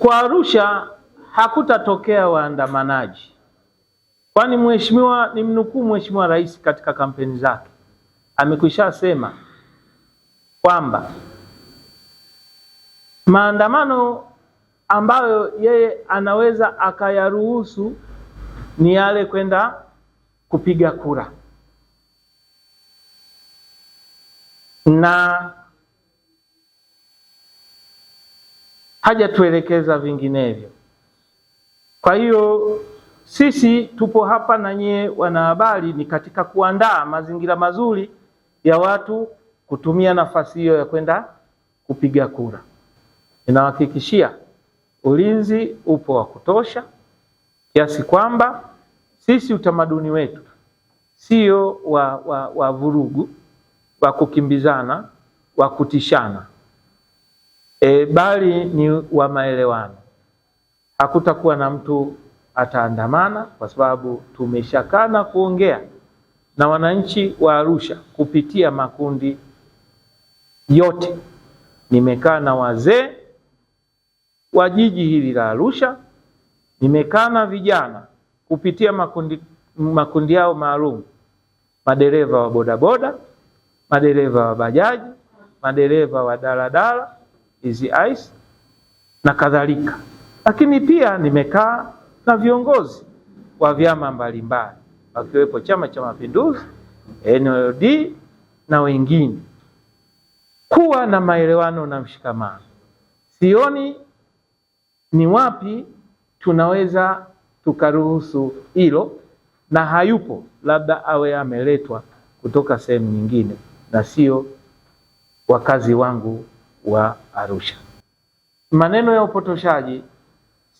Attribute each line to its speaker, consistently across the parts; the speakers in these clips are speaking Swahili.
Speaker 1: Kwa Arusha hakutatokea waandamanaji, kwani mheshimiwa, ni mnukuu Mheshimiwa Rais katika kampeni zake amekwishasema kwamba maandamano ambayo yeye anaweza akayaruhusu ni yale kwenda kupiga kura na hajatuelekeza vinginevyo. Kwa hiyo sisi tupo hapa na nyie wanahabari, ni katika kuandaa mazingira mazuri ya watu kutumia nafasi hiyo ya kwenda kupiga kura. Ninahakikishia ulinzi upo wa kutosha, kiasi kwamba sisi utamaduni wetu sio wa, wa, wa vurugu, wa kukimbizana, wa kutishana e, bali ni wa maelewano. Hakutakuwa na mtu ataandamana, kwa sababu tumeshakana kuongea na wananchi wa Arusha kupitia makundi yote. Nimekaa na wazee wa jiji hili la Arusha, nimekaa na vijana kupitia makundi, makundi yao maalum, madereva wa bodaboda, madereva wa bajaji, madereva wa daladala hizi ICE na kadhalika, lakini pia nimekaa na viongozi wa vyama mbalimbali wakiwepo Chama cha Mapinduzi, NLD na wengine, kuwa na maelewano na mshikamano. Sioni ni wapi tunaweza tukaruhusu hilo, na hayupo, labda awe ameletwa kutoka sehemu nyingine na sio wakazi wangu wa Arusha. Maneno ya upotoshaji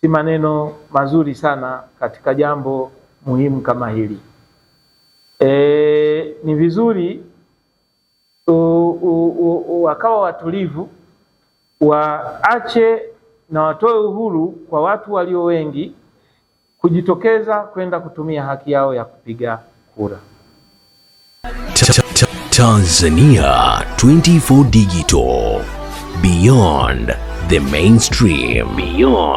Speaker 1: si maneno mazuri sana katika jambo muhimu kama hili. E, ni vizuri wakawa watulivu, waache na watoe uhuru kwa watu walio wengi kujitokeza kwenda kutumia haki yao ya kupiga kura. Tanzania 24 Digital beyond the mainstream. Beyond.